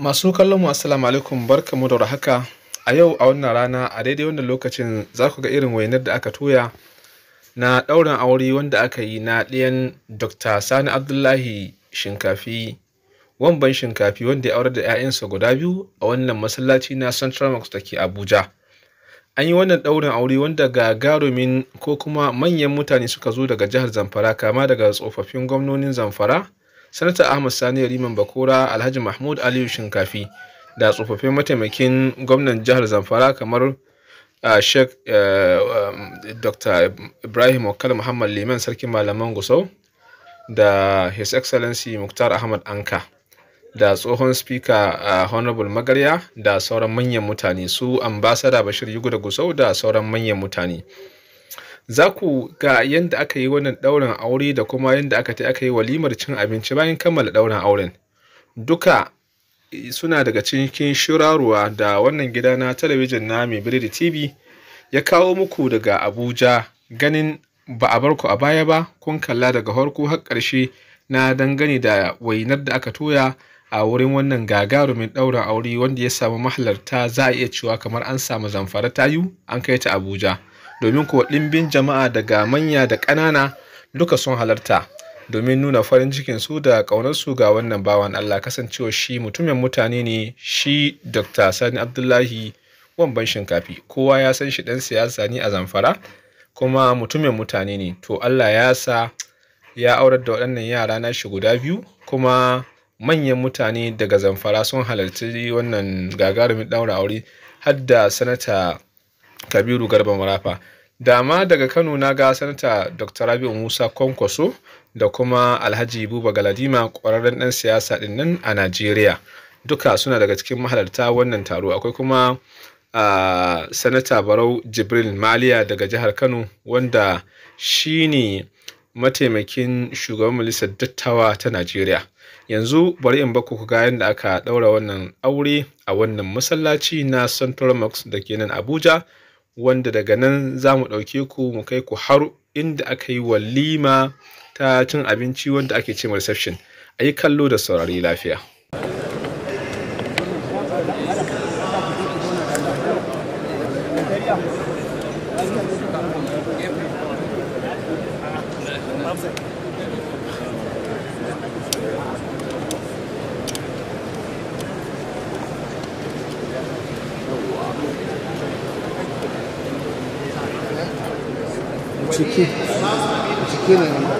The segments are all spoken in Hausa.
Masu kallon mu assalamu alaikum barkamu da haka a yau a wannan rana a daidai wannan lokacin za ku ga irin wainar da aka toya na ɗaurin aure wanda aka yi na ɗiyan Dr. Sani Abdullahi Shinkafi wamban Shinkafi wanda ya aurar da 'ya'yansa guda biyu a wannan masallaci na Central Mosque da ke Abuja. An yi wannan ɗaurin aure wanda ga garumin ko kuma manyan mutane suka zo daga jihar Zamfara kama daga tsofaffin gwamnonin Zamfara sanata ahmad sani riman bakura alhaji mahmud aliyu shinkafi da tsofaffin mataimakin gwamnan jihar zamfara kamar sheikh dr ibrahim okal muhammad liman sarkin malaman gusau da his excellency muktar ahmad anka da tsohon speaker a honorable magarya da sauran manyan mutane su Ambasada bashir Yugu da gusau da sauran manyan mutane za ku ga yadda aka yi wannan ɗaurin aure da kuma yadda aka ta aka yi walimar cin abinci bayan kammala ɗaurin auren duka eh, suna daga cikin shirarwa da wannan gida na talabijin na mai biredi tv ya kawo muku daga abuja ganin ba a barku a baya ba kun kalla daga harko har ƙarshe na dangane da wainar da aka toya a wurin wannan gagarumin ɗaurin aure wanda ya samu mahalarta za a iya cewa kamar an samu zamfara tayu an kai ta abuja domin kuwa ɗimbin jama'a daga manya da ƙanana duka sun halarta domin nuna farin cikin su da ƙaunarsu ga wannan bawan Allah kasancewa shi mutumin mutane ne shi Dr. Sani Abdullahi wamban shinkafi kowa ya san shi ɗan siyasa ne a Zamfara kuma mutumin mutane ne to Allah ya sa ya aurar da waɗannan yara na shi guda biyu kuma manyan mutane daga Zamfara sun halarci wannan gagarumin ɗaura aure har da sanata Kabiru Garba Marafa dama daga kano na ga sanata dr rabiu musa kwankwaso da kuma alhaji buba galadima kwararren dan siyasa din nan a najeriya duka suna daga cikin mahalarta wannan taro akwai kuma a sanata barau jibril maliya daga jihar kano wanda shine mataimakin shugaban majalisar dattawa ta najeriya yanzu bari in baku ku ga da aka daura wannan aure a wannan masallaci na central mosque da ke nan abuja wanda daga nan za mu ɗauke ku mu kai ku har inda aka yi walima ta cin abinci wanda ake ce reception a yi kallo da saurari lafiya de que, né?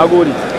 na gode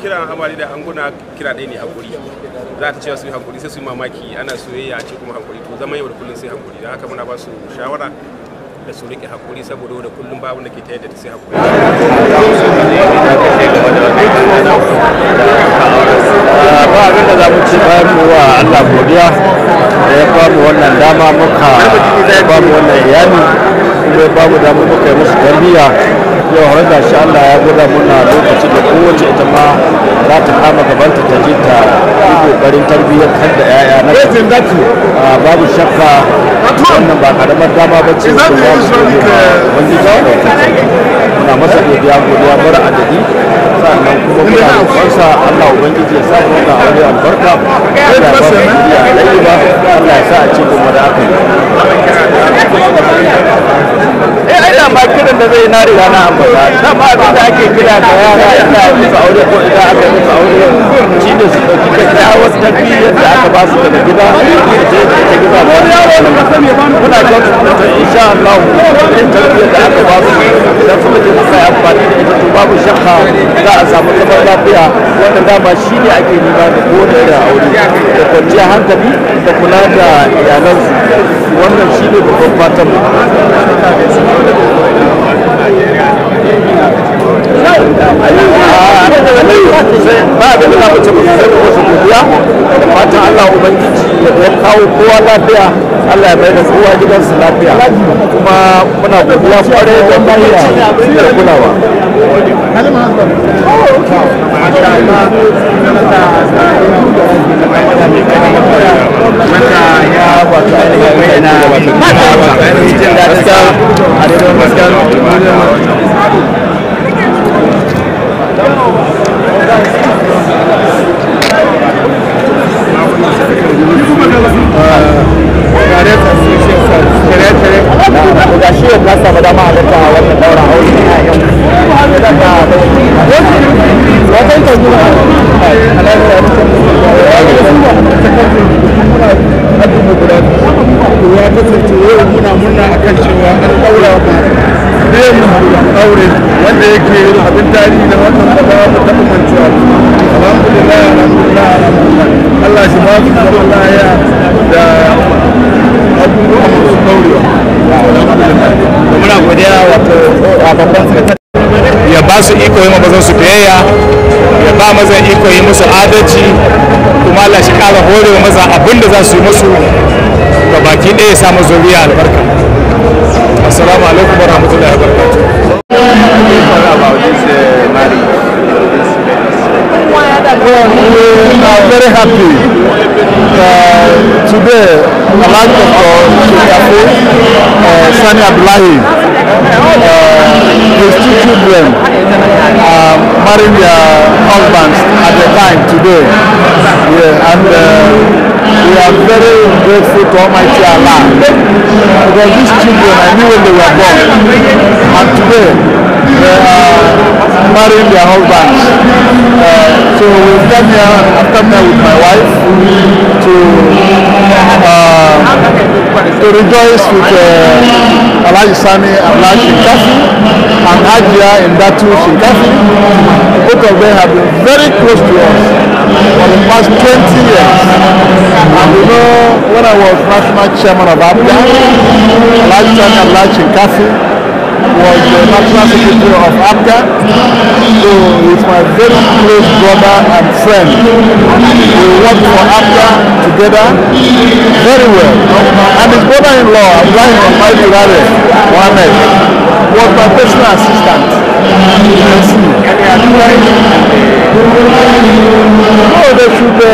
kira amari da anguna kira ɗaya ne hakuri za ta cewa su yi hakuri sai su yi mamaki ana soyayya a ce kuma hakuri to zama yau da kullum sai hakuri da haka muna ba su shawara da su rike hakuri saboda da kullum babu wanda ke ta yadda ta sai hakuri ba abin da za mu ci bayan mu wa Allah godiya da ya ba mu wannan dama muka ba mu wannan iyali ya babu damar muka yi musu tarbiyya yau har da shi Allah ya gwada muna lokaci da kowace ita ma za ta kama gabanta ta je ta yi kokarin tarbiyyar kan da yaya na babu shakka wannan ba karamar dama ba ce da ya wani ta muna masa godiya godiya mara adadi sannan kuma muna alfarsa Allah ubangiji ya sa mu da aure albarka da ba ya iya ba Allah ya sa a ce kuma da aka yi dama kiran da zai na riga na ambata dama abin da ake kira da yara ina yi aure ko idan aka yi musu aure shi ne su ɗauki kyakkyawar tarbiyyar da aka ba su daga gida sai ta gida ba muna kyautata insha Allah in tarbiyyar da aka ba su da su mutum suka yi amfani da ita to babu shakka za a samu zaman lafiya wanda dama shi ne ake nema da kowane irin aure da kwanciyar hankali da kula da iyalansu wannan shi ne babban fatan mu mace mu sai wasu godiya da fatan Allah ubangiji ya kawo kowa lafiya Allah ya mai da kowa gidansu lafiya kuma muna godiya kware da bayyana da kulawa wanda ya wato ainihin bayyana da shi na samu dama a duka wannan daura a wani a yau daga wata zuwa ya kasance yau muna murna akan cewa an daura ma ɗayan aure wanda yake abin tarihi na wannan kasa mu taɓa mancewa alhamdulillah alhamdulillah alhamdulillah Allah shi ba su zama laya da abubuwa masu daurewa muna godiya wato a babban ya ba su iko yi mazan su biyayya ya ba mazan iko yi musu adalci kuma Allah shi kara hore maza abinda za su yi musu ga baki ɗaya ya samu zuriya albarka assalamu alaikum wa rahmatullahi wa barakatuh very happy. Uh, today the life of uh, Shekafu, uh, Sani Abdullahi, uh, his two children uh, marrying their husbands at the time today. Yeah, and uh, we are very grateful to Almighty Allah because these children, I knew when they were born, and today uh, marrying their husbands. Uh, so we come here and I've come here with my wife to uh, to rejoice with uh, Alaji Sani and Laj Shinkafi and Hajia in Datu Shinkafi. Both of them have been very close to us for the past 20 years. And you know, when I was national chairman of ABDA, Alaji Sani and Laj Shinkafi was the national secretary of APCA. So it's my very close brother and friend. We worked for APCA together very well. And his brother-in-law, Ibrahim Omar Durare, Mohammed, was my personal assistant. No, oh, they should, uh,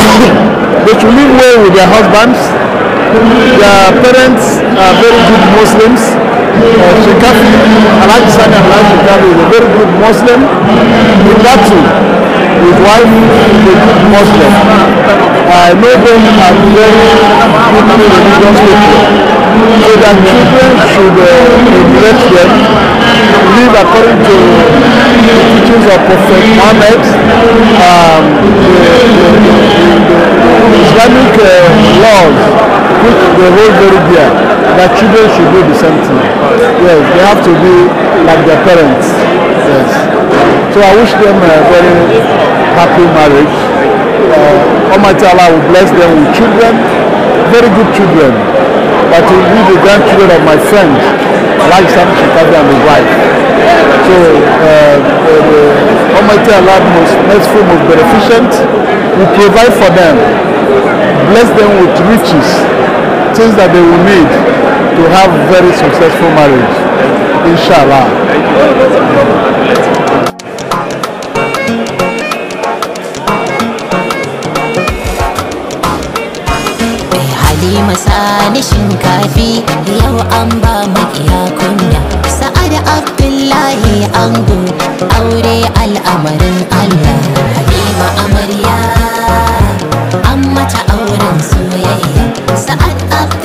they should live well with their husbands. Their parents are very good Muslims. uh, Shekafi Alhaji Sani Alhaji Shekafi is a very good Muslim. He got to his wife is a good Muslim. I know them as very good religious people. So that children should uh, neglect them, live according to the teachings of Prophet Muhammad, um, the, the, the, the Islamic uh, laws, which they hold very dear. Their children should do the same thing. Yes, they have to be like their parents. Yes. So I wish them a very happy marriage. Uh, Almighty Allah will bless them with children, very good children. But will be the grandchildren of my friends, like Sam Shikabi and his wife. So uh, uh, Almighty Allah, most merciful, most beneficent, will provide for them, bless them with riches, things that they will need to have very successful marriage. Inshallah. Halima sani shinkafi yau an ba makiya kunya Sa'ada Abdullahi an ango aure al'amarin Allah Halima amarya an mata auren soyayya sa'ad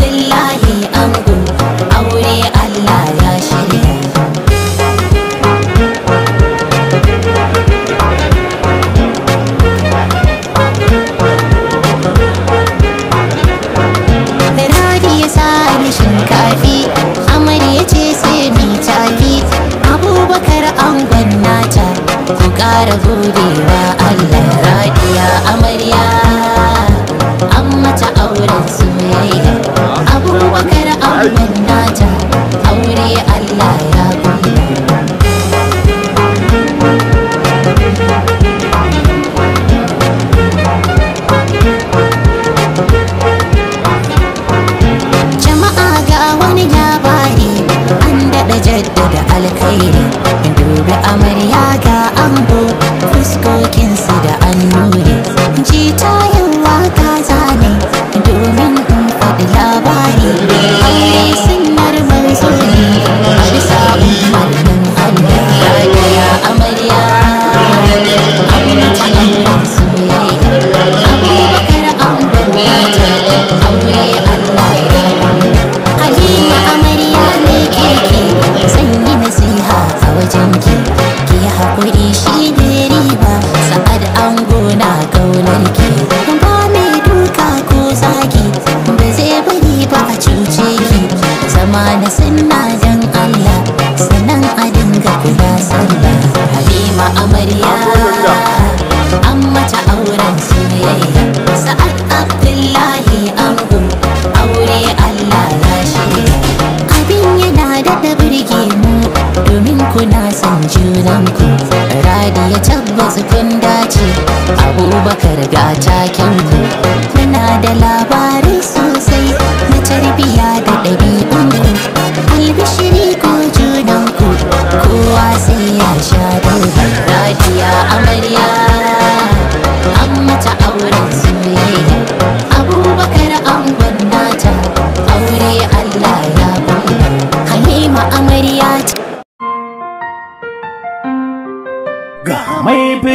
In dubi amarya ga ango fuskokinsu da annuri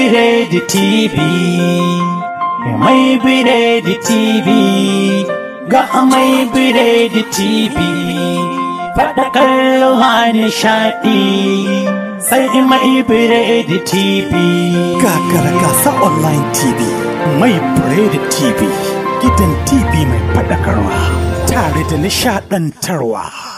Biredi TV, mai Biredi TV, ga mai Biredi TV, faɗakar hane nishaɗi. Sai mai Biredi TV. Kakar gasa online TV, mai Biredi TV, gidan TV mai faɗakarwa tare da nishaɗantarwa.